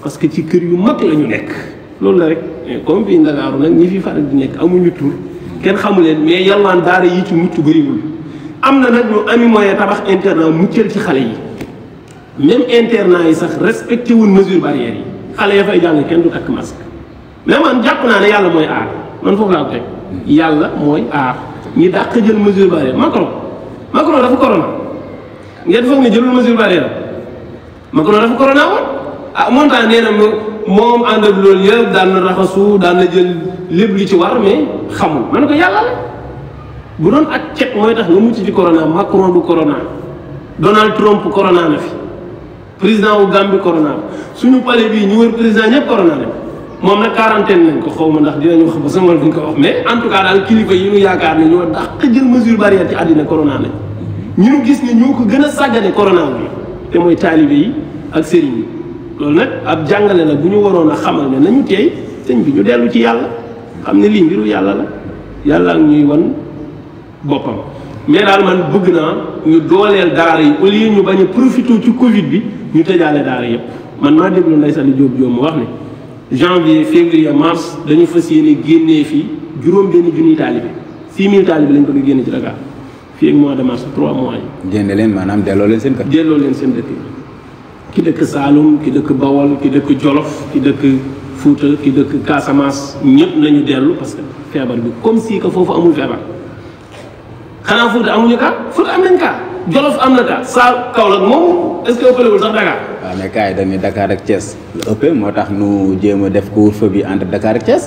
parce que ci kër yu mag la ñu nekk loolu la rek comme bii Ndakaaru nag ñi fi faral di nekk amuñu tur kenn xamu leen mais yalwaan daara yi ci mucc bëriwul am na nag ñu ami moyen tabax internat muccal ci xale yi même internat yi sax respecté wul mesure barrière yi xale ya fay jàng kenn du takk masque mais man jàpp naa ne yàlla mooy aar man foofu laa ko yàlla mooy aar ñi dàq jël mesure barrière Macron Macron dafa corona ngeen foog ne jëlul mesure barrière Macron dafa corona woon ah moom temps nee na moom ànd ak loolu yëpp daan raxasu daan na jël lépp li ci war mais xamul man ko yàlla la bu doon ak cet mooy tax nga mucc ci corona Macron du corona Donald Trump corona na fi président wu Gambie corona suñu palais bii ñu wër président ñëpp corona na moom nag quarantaine nañ ko xaw ma ndax dinañ wax ba sama duñ ko wax mais en tout cas daal kilifa yi ñu yaakaar ne ñoo dàq jël mesure barrière ci àddina corona nañ ñu gis ne ñoo ko gën a sàggane corona bi te mooy taalibe yi ak sëriñ yi loolu nag ab jàngale la bu ñu waroon a xamal ne nañu teey sëñ bi ñu dellu ci yàlla xam ne lii mbiru yàlla la yàlla ak ñuy wan boppam mais daal man bëgg naa ñu dooleel daara yi au lieu ñu bañ a profité ci Covid bi ñu tëjaale daara yëpp man maa déglu Ndeye Sali Diop Diop mu wax ne. janvier février mars dañu fas yéene génnee fii juróom benn junniy taalibe 6000 taalibe lañ ko a génne ci Dakar fii ak mois de mars 3 mois yi. génne leen maanaam delloo leen seen kër. delloo leen seen dëkk ki dëkk Saalum ki dëkk Bawol ki dëkk Jolof ki dëkk Fuuta ki dëkk Casamance ñëpp lañu dellu parce que feebar bi comme si que foofu amul feebar xanaa Fuuta amuñu cas Fuuta am nañ cas. Jolof am na daal saa la moom est-ce que ëppalewul sax Dakar. waaw ah, mais kaay dañuy Dakar ak cees la ëppee moo tax nu jéem a def couvre-feu bi entre Dakar ak Thiès.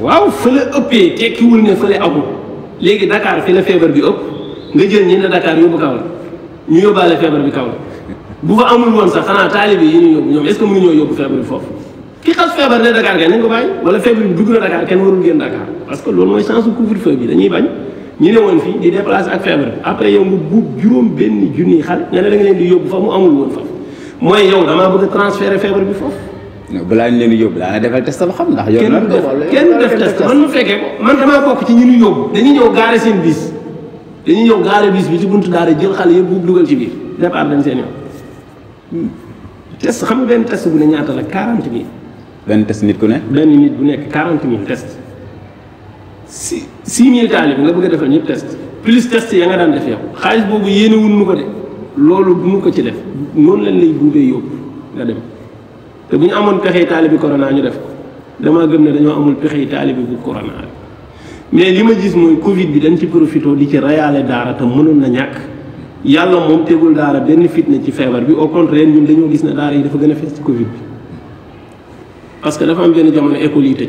waaw fële ëppee wul ne fële amul léegi Dakar fi la feebar bi ëpp nga jël ñenn Dakar yóbbu Kaolack ñu yóbbaale feebar bi Kaolack bu fa amul woon sax xanaa taalibe yi ñu yóbbu ñoom est-ce que mënuñoo yóbbu feebar bi foofu. ki xas feebar ne Dakar kay nañ ko bàyyi wala feebar bi dugg na Dakar que loolu mooy sens su dañuy bañ. ñu ne woon fii di déplacé ak feebar bi après yow nga guub juróom benn junniy xale nga ne da nga leen di yóbbu fa mu amul woon fa mooy yow damaa bëgg transférer feebar bi foofu. balaa ñu leen di yóbbu daa defal test ba xam ndax. yow lan nga kenn def test man mu fekkee ko man damaa bokk ci ñi ñu yóbbu. dañuy ñëw gaare seen biis dañuy ñëw gaare bis bi ci buntu daara jël xale yëpp bu dugal ci biir départ dañ seen yoon hmm. test xam nga benn test bu ne ñaata la 40 000. benn test nit ku ne. benn nit bu nekk 40 test. si six mille taalibe nga bëgg a defal ñëpp test plus test ya nga daan def yow xaalis boobu yéene wun nu ko de loolu du mu ko ci def noonu lañ lay buubee yóbbu nga dem te bu ñu amoon pexey taalibi corona ñu def damaa gëm ne dañoo amul pexey taalibi bu corona mais li ma gis mooy covid bi dañ ci profité di ci rayaale daara te mënoon na ñàkk yàlla moom tegul daara benn fitna ci feebar bi au contraire ñun dañoo gis ne daara yi dafa gën a fees ci covid bi parce que dafa am benn jamono école yi tëj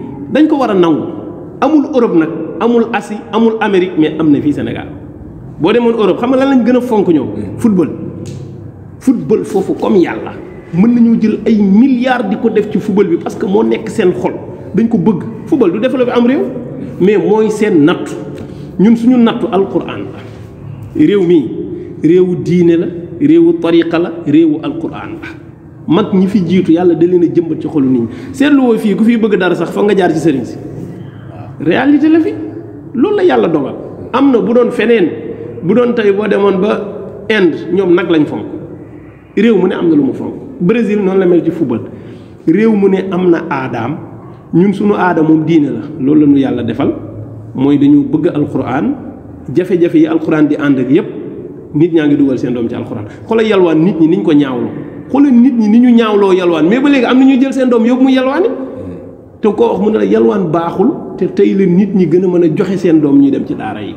dañ ko wara a nangu amul Europe nak amul asi amul Amérique mais amna fi Sénégal bo demone Europe xam nga lan lañ gën fonk ñoo football football fofu comme yàlla mën nañu jël ay milliards diko def ci football bi parce que mo nek sen xol dañ ko bëgg football du développer am réew mais moy sen nat ñun suñu nat alquran la réew mi réewu diine la réewu tariqa la réewu alquran la. mag ñi fi jiitu yàlla da leen a jëmbat ci xolu nit ñi seetlu woo fii ku fi bëgg dara sax foog nga jaar ci sëriñ si réalité la fi loolu la yàlla dogal am na bu doon feneen bu doon tey boo demoon ba Inde ñoom nag lañ fonk réew mu ne am na lu ma fonk Brésil noonu la mel ci football réew mu ne am na aadaam ñun suñu aada moom diine la loolu la ñu yàlla defal mooy dañu bëgg alquran jafe-jafe yi alquran di ànd ak yépp nit ñaa ngi dugal seen doom ci alquran xoolal nit ñi niñ ko ñaawlu xoolal nit ñi ni ñu ñaawloo yalwaan mais ba léegi am na ñu jël seen doom yóbbu mu yalwaani te koo wax mu ne la yalwaan baaxul te tey la nit ñi gën a mën a joxe seen doom ñuy dem ci daara yi.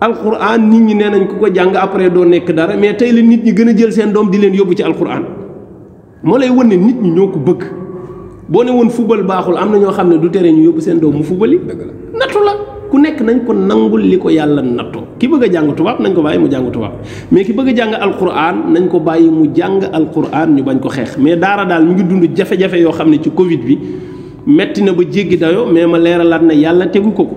alquran nit ñi nee nañ ku ko jàng après doo nekk dara mais tey la nit ñi gën a jël seen doom di leen yóbbu ci alquran moo lay won ne nit ñi ñoo ko bëgg boo ne woon fubal baaxul am na ñoo xam ne du tere ñu yóbbu seen doom mu fubali. dëgg la nattu la. ku nekk nañ ko nangul li ko yàlla nattoo ki bëgg a jàng tubaab nañ ko bàyyi mu jàng tubaab mais ki bëgg a jàng alquran nañ ko bàyyi mu jàng alquran ñu bañ ko xeex mais daara daal mu ngi dund jafe-jafe yoo xam ne ci Covid bi metti na ba jéggi dayoo mais ma leeralaat na yàlla tegu ko ko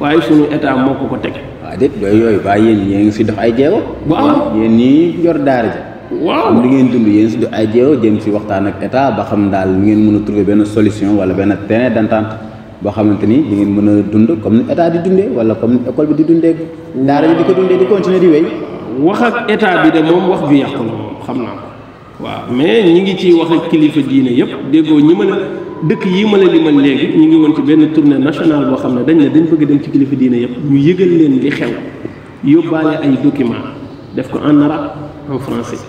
waaye sunu état moo ko ko teg. waaw déet yooyu ba yéen yéen ngi si dox ay jéego. waaw yéen ñii yor daara ji. waaw am li ngeen dund yéen si dox ay jéego jëm si waxtaan ak état ba xam daal ngeen mën a trouver benn solution wala benn terrain d'entente boo xamante ni di ngeen mën a dund comme ni état di dundee wala comme ni école bi di dundee daara yi di ko dundee di continuer di wax ak état bi de moom wax ju yàqu la moom xam naa ko waaw mais ñi ngi ciy wax ak kilifa diine yëpp déggoo ñi ma la dëkk yi ma la limal léegi ñu ngi woon ci benn tournée nationale boo xam ne dañ ne dañ bëgg dem ci kilifa diine yëpp ñu yëgal leen li xew yóbbaale ay document def ko en arabe en français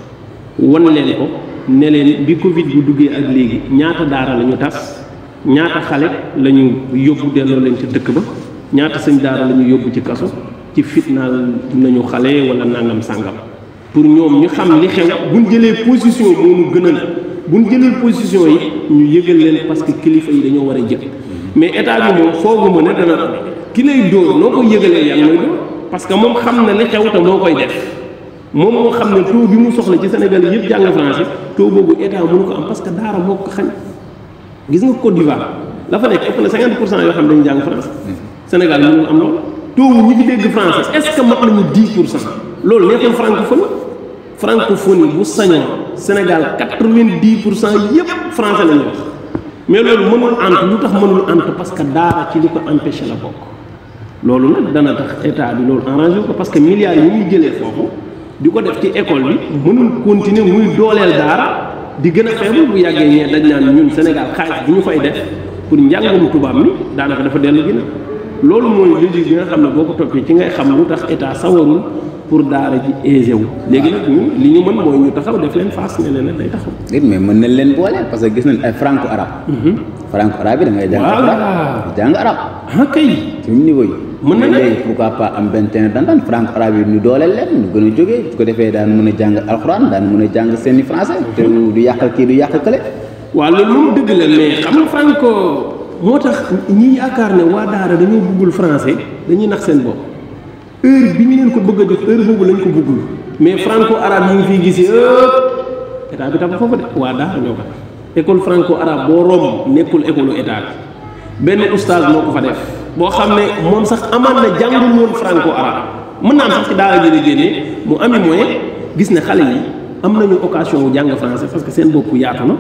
wan leen ko ne leen bi Covid bu duggee ak léegi ñaata daara la ñu tas ñaata xale la ñu yóbbu delloo leen ca dëkk ba ñaata sëñ daara la ñu yóbbu ci kaso ci fitnaal nañu xale wala nangam sàngam pour ñoom ñu xam li xew buñ jëlee position moonu gënal buñ jëlee position yi ñu yëgal leen parce que kilifa yi dañoo war a jël mais état bi moom fooguma ne dana ki lay dóor noo ko yëgalee yan mooy dóor parce que moom xam na li xew te moo koy def moom moo xam ne taux bi mu soxla ci Sénégal yëpp jàng français taux boobu état mënu ko am parce que daara moo ko gis nga Côte d'Ivoire la fa nek ëpp na 50 yo xam dañu jang France Sénégal mu am loolu toogu ñi fi dégg France est ce que mat nañu 10 lool cent loolu nekkoon francophone bu sañu Sénégal 90 yépp français lañu wax mais lool mënul ant lu tax mënul ant parce que daara ci liko empêcher la bok lool nak dana tax état bi lool arrangé ko parce que milliards yi ñu jëlé fofu diko def ci école bi mënul continuer muy dolel daara di gën a faible bu yàggee ñee dañ naan ñun Sénégal xaalis bu ñu fay def pour njàngum tubaab mi daanaka dafa dellu ginnaaw loolu mooy logique bi nga xam ne boo ko toppee ci ngay xam lu tax état sawarul pour daara ji aisé wu. léegi nag ñun li ñu mën mooy ñu taxaw def leen face leen leen day taxaw. déet mais mën nañ leen boole parce que gis nañ ay franco arabe. Mhm. franco arabe bi da ngay jàng. arabe jàng arabe. ah kay ci niveau yi. mën na léegi pourquoi pas am benn teen dandan franco arabe yi ñu dooleel leen ñu gën a jógee su ko defee daan mën a jàng alxuraan daan mën a jàng seeni français te du yàqal kii du yàqal kële waaw loolu dëgg la mais xam nga franco moo tax ñi yaakaar ne waa daara dañoo buggul français dañuy nax seen bopp bi ñu leen ko bëgg a boobu lañ ko buggul mais franco arabe yi ngi fiy gis yëpp bi tam foofu de waa daara ñoo ko école franco arabe boo romb nekkul école état bi benn oustaz moo ko fa def boo xam ne moom sax amaan na jàngul woon franco arabe mën naa am sax ci a jële génnee mu ami moyen gis ne xale yi am nañu occasion wu jàng français parce que seen bopp yaatu na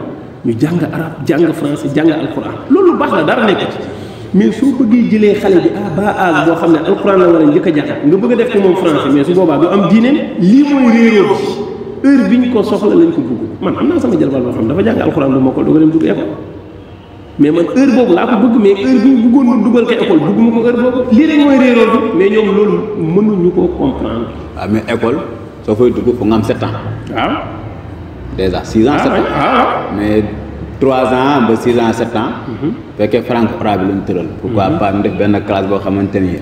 ñu jàng arabe jàng français jàng alquran loolu baax na dara nekk ci mais soo bëggee jëlee xale bi ah ba aag boo xam ne alquran la war a njëkk a nga bëgg def ko moom français mais su boobaa du am diine lii mooy réeróo bi heure bi ñu ko soxla am naa sama jalbal boo xam dafa jàng ko dem dugg mais man heure boobu laa ko bëgg mais heure bi ñu bëggoon ma dugal ko école bëgguma ko heure boobu lii rek mooy réeroon mais ñoom loolu mënuñu koo comprendre. waaw ah, mais école soo fay dugg fu nga am 7 ans. waaw. Ah. déjà 6 ans 7 ah, ans mais trois ans ba 6 ans 7 ans. Mhm. fekkee franc arabe bi la ñu tëral. pourquoi mhm. pas ñu def benn classe boo xamante ni.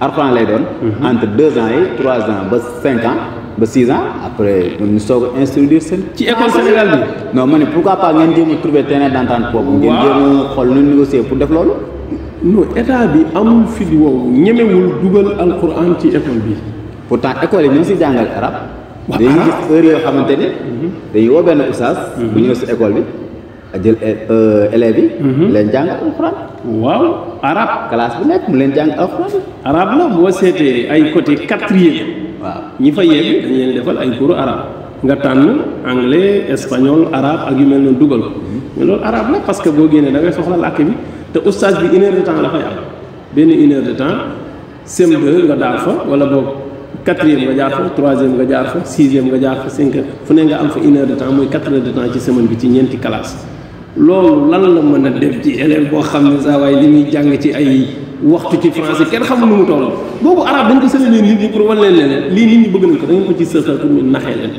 Alxuraan lay doon. Mhm. entre 2 ans yi 3 ans ba 5 ans. 6 bah, ans après nous sommes soog a école Sénégal non mais pourquoi pas nous trouver terrain d'entente pour ngeen nous négocier pour non état bi amul wow en dugal alquran ci école bi. pourtant école Pourtant, nous heure mhm. élèves yi. sommes arab. classe arabe jàng côté quatrième. waaw ñi fa yeebi dañ defal ay cours arabe nga tànn anglais espagnol arabe ak yu mel noonu dugal ko mais loolu arabe la parce que boo génnee da ngay soxla làkk bi te oustaz bi une heure de temps la fay am benn une heure de temps CM2 nga daal fa wala boog quatrième nga jaar fa troisième nga jaar fa sixième nga jaar fa cinquième fu ne nga am fa une heure de temps mooy quatre heures de temps ci semaine bi ci ñeenti classe loolu lan la mën a def ci élève boo xam ne saa waaye li muy jàng ci ay waxtu ci français kenn xamul nu mu toll boobu arabe dañ ko sënalee nit ñi pour wan leen lii nit ñu bëgg nañ ko da ngeen ko ci sësal pour naxee leen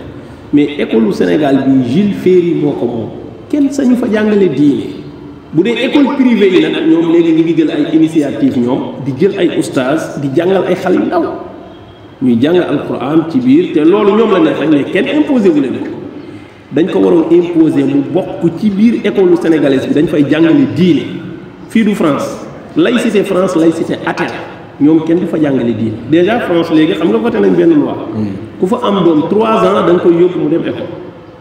mais école Sénégal bi Jules Ferry moo ko moom kenn sañu fa jàngale diine bu dee école privée yi nag ñoom léegi ñu ngi jël ay initiative ñoom di jël ay oustaz di jàngal ay xale yu ndaw ñuy jàng alquran ci biir te loolu ñoom la neex rek mais kenn imposé wu leen ko dañ ko waroon imposé mu bokk ci biir école sénégalaise bi dañ fay jàngale diine fii du France laïcité France laïcité athée ñom kenn du fa jàngale diine déjà France légui xam nga voté nañ ben loi hmm. ku fa am doom 3 ans dang koy yob mu dem école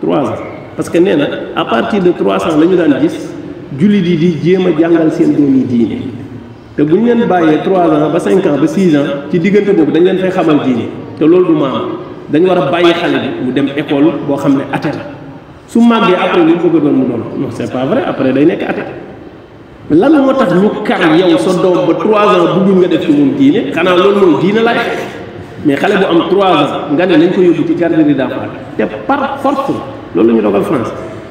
3 ans parce que néna à partir de 3 ans lañu daan gis julli di di jema jangal sen seen doom yi diine té bu ñu leen bàyyee 3 ans ba 5 ans ba 6 ans ci digënté bobu dañ leen fay xamal diine té loolu du maam dañ wara a xalé bi mu dem école bo xamné ne athée su màggee après ñu bëgg doon mu doon non c'est pas vrai après day nekk athée lan moo tax ñu kar yow sa doom ba trois ans buggul nga def ci moom diine xanaa loolu mooy diine lay mais xale bu am trois ans nga ne nañ ko yóbbu ci garderie d'enfants te par force loolu la ñu dogal France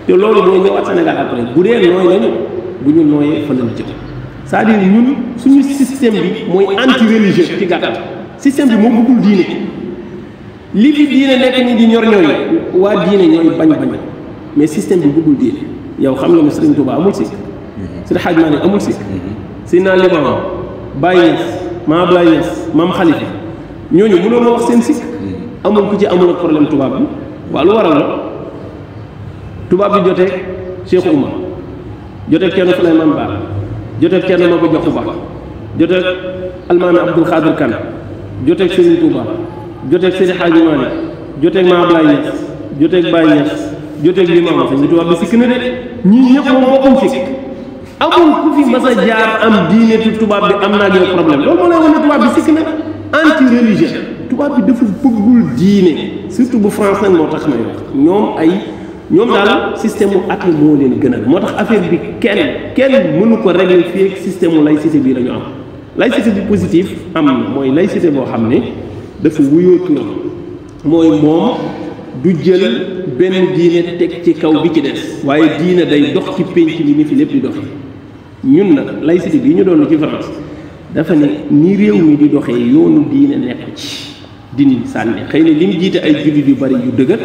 te loolu mooy ñëwaat Sénégal après bu dee nooy lañu bu ñu nooyee fa lañu jëm c'est-à-dire ñun suñu système bi mooy anti religieux ci gàttal système bi moo bëggul diine li fi diine nekk ni di ñor ñooy waa diine ñooy bañ bañ mais système bi bu diine yow xam nga ne Sëriñ Tuubaa amul si سيدي حاج ماني امول سي سينا لي ماما بايس ما بلايس مام خليفه ньо ньо مولا واخ سين سيك امول كو امول بروبليم توباب بي والو وارال توباب بي جوتي شيخ عمر جوتي كين سليمان با جوتي كين ماكو جوخ با جوتي المام عبد القادر كان جوتي سيدي توبا جوتي سيدي حاج ماني جوتي ما بلايس جوتي بايس جوتي لي ماما سيدي توباب بي سيك ني ني ييب مو بوكم سيك amul ku fi mas jaar am diine te tubaab bi am naa ak yow problème loolu moo lay wane tubaab bi sikk na anti religieux tubaab bi dafa bëggul diine surtout bu France nag moo tax may wax ñoom ay ñoom daal système mu at moo leen gënal moo tax affaire bi kenn kenn mënu ko régler fii ak système mu laïcité bii dañu am laïcité bu positif am na mooy laïcité boo xam ne dafa wuyoo turam mooy moom du jël benn diine teg ci kaw bi ci des waaye diine day dox ci pénc mi ni fi lépp di dox ñun nag laïcité bi ñu doon ci France dafa ne ni réew mi di doxee yoonu diine nekk ci dindi sànni xëy na li ay jullit yu bari yu dëgër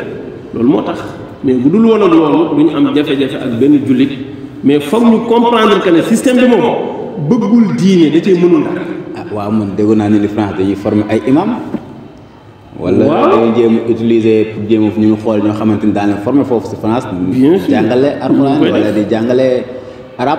loolu moo mais bu dul ak loolu du am jafe-jafe ak benn jullit mais foog ñu comprendre que ne système bi moom bëggul diine da cee mënul ah waaw man déggoon naa ne ni France dañuy former ay imam. wala dañuy jéem utiliser pour jéem a ñu ngi ñoo xamante ni former foofu si France. jàngale alxuraan wala di jàngale arab.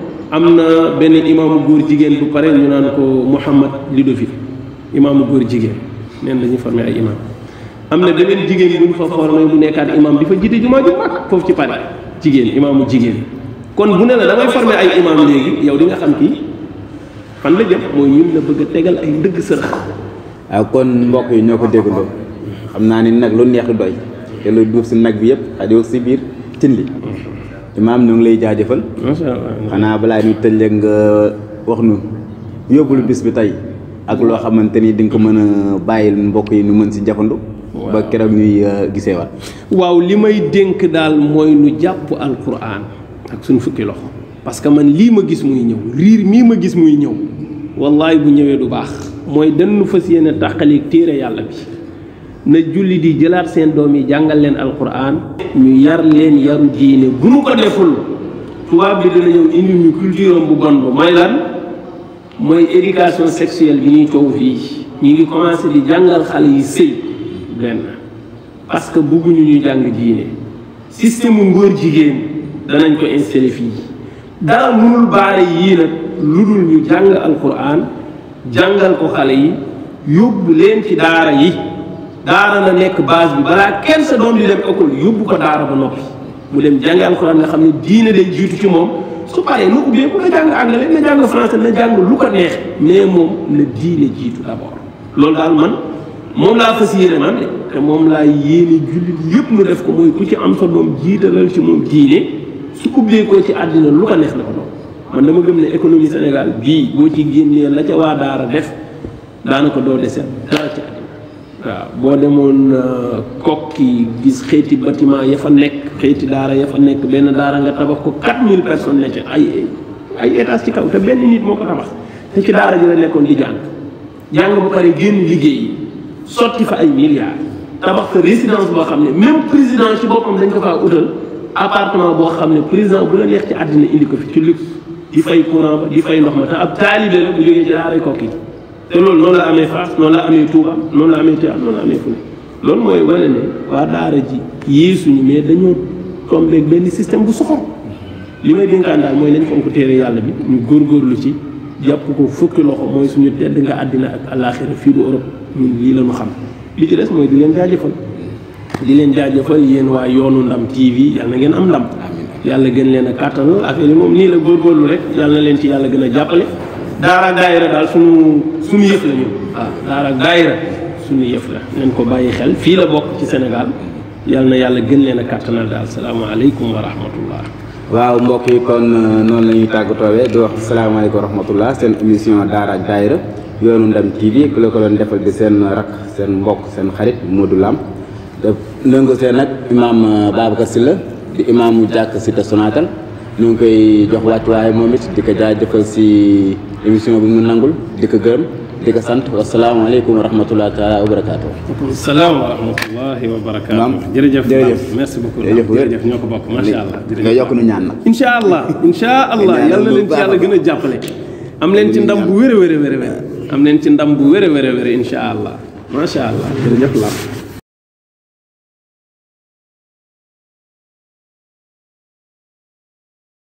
am na benn imaamu góor jigéen bu pare ñu naan ko Mouhamad Lidovi imaamu góor jigéen neen dañuy formé ay imaam am na beneen jigéen bu ñu fa formé bu nekkaat imaam di fa jiite jumaa ju mag foofu ci pare jigéen imaamu jigéen kon bu ne la damay formé ay imaam léegi yow di nga xam kii fan la jëm mooy ñun la bëgg a tegal ay ndëgg sërëx waaw ah, kon mbokk yi ñoo ko déggandoo xam naa ni nag lu neex du doy te lu duuf si nag bi yëpp xajoo si biir cin imaam ñu ngi lay jaajëfal. xanaa balaa ñu tëj rek nga wax nu yóbbul bis bi tey ak loo xamante ni dinga ko mën a bàyyil mbokk yi nu mën si jafandu. ba keroog ñuy uh, gisee waat. waaw li may dénk daal mooy nu jàpp alquran ak suñu fukki loxo parce que man lii ma gis muy ñëw riir mii ma gis muy ñëw wallaay bu ñëwee du baax mooy dañu fas yéene tàqaleeg téere yàlla bi. na julli di jëlaat seen doom jangal jàngal leen alquran ñu yar leen yaru diine bu mu ko deful tuwa bi dina ñëw indi ñu culture bu bon bu may lan moy éducation sexuelle bi ñuy coow fii ñi ngi commencé di jangal xale yi sey ben parce que bugu ñu jang diine système ngóor jigéen danañ ko installé fi da mënul baare yi nak ludul ñu jang alquran jangal ko xale yi yóbbu leen ci daara yi daara na nekk base bi balaa kenn sa doom di dem école yóbbu ko daara ba noppi mu dem jàngi alxuraan nga xam ne diine de jiitu ci moom su paree nu ubbeeku na jàng anglais na jàng lu ko neex mais moom na diine jiitu d'abord loolu daal man moom laa fas yéene man te moom laa yéene jullit yëpp nu def ko mooy ku ci am sa doom jiitalal ci moom diine su ubbeekoo ci àddina lu ko neex na ko doom man dama gëm ne économie Sénégal bii boo ci génnee la ca waa daara def ko doo dese dara ci àddina waaw boo demoon euh, kokki gis xeeti bâtiment ya fa nekk xeeti daara ya fa nekk benn daara nga tabax ko 4000 mille ne ci ay ay ci kaw te benn nit moo ko tabax te ci daara ji la nekkoon di jàng jàng bu pare génn liggéey sotti fa ay milliards tabax fa résidence boo xam ne même président ci boppam dañ ko faa utal appartement boo xam ne président bu la neex ci àddina indi ko fi ci luxe di fay courant ba di fay ndox ma te ab taalibe la bu jógee te loolu noonu la amee Fass noonu la amee Touba noonu la amee Thiès noonu la amee fu ne loolu mooy wane ne waa daara ji yii suñu mais dañoo tombeeg benn système bu soxor li may dénkaan daal mooy nañ fonk téere yàlla bi ñu góor góorlu ci jàpp ko fukki loxo mooy suñu tedd nga àddina ak àllaaxira fii du Europe ñun lii la ñu xam li ci des mooy di leen jaajëfal di leen jaajëfal yéen waa yoonu ndam TV yàlla na ngeen am ndam yàlla gën leen a kàttanal affaire yi moom nii la góorgóorlu rek yàlla na leen ci yàlla gën a jàppale daara daayira dal sunu sunu yef la ñu ah daara daayira sunu yef la leen ko bayyi xel fi la bok ci senegal yalla na yalla gën leena katanal dal assalamu alaykum wa rahmatullah waaw mbokk yi kon euh, non lañuy ñuy tàggatoowee di wax assalamu alaykum wa rahmatullah sen émission daara daayira yoonu ndam TV ko la ko doon defal bi sen rak sen mbokk sen xarit Modou Lam de lëngu sen nak imam euh, babakar Sylla di imam jakk ci tassonatal ñu ngi koy jox wàccuwaay moom momit di ko jaajëfal si émission bi mu nangul di ko gërëm di ko sant wasalaamaaleykum wa rahmatulah taala wa barakaatu. salaam wa rahmatulahi wa barakaatu. maam jërëjëf jërëjëf merci beaucoup jërëjëf ñoo ko bokk macha allah. jërëjëf nga yokk nu ñaan nag. incha allah incha allah yal na leen ci yàlla gën a jàppale. am leen ci ndam bu wér a wér a wér am leen ci ndam bu wér a wér a wér incha allah macha allah jërëjëf la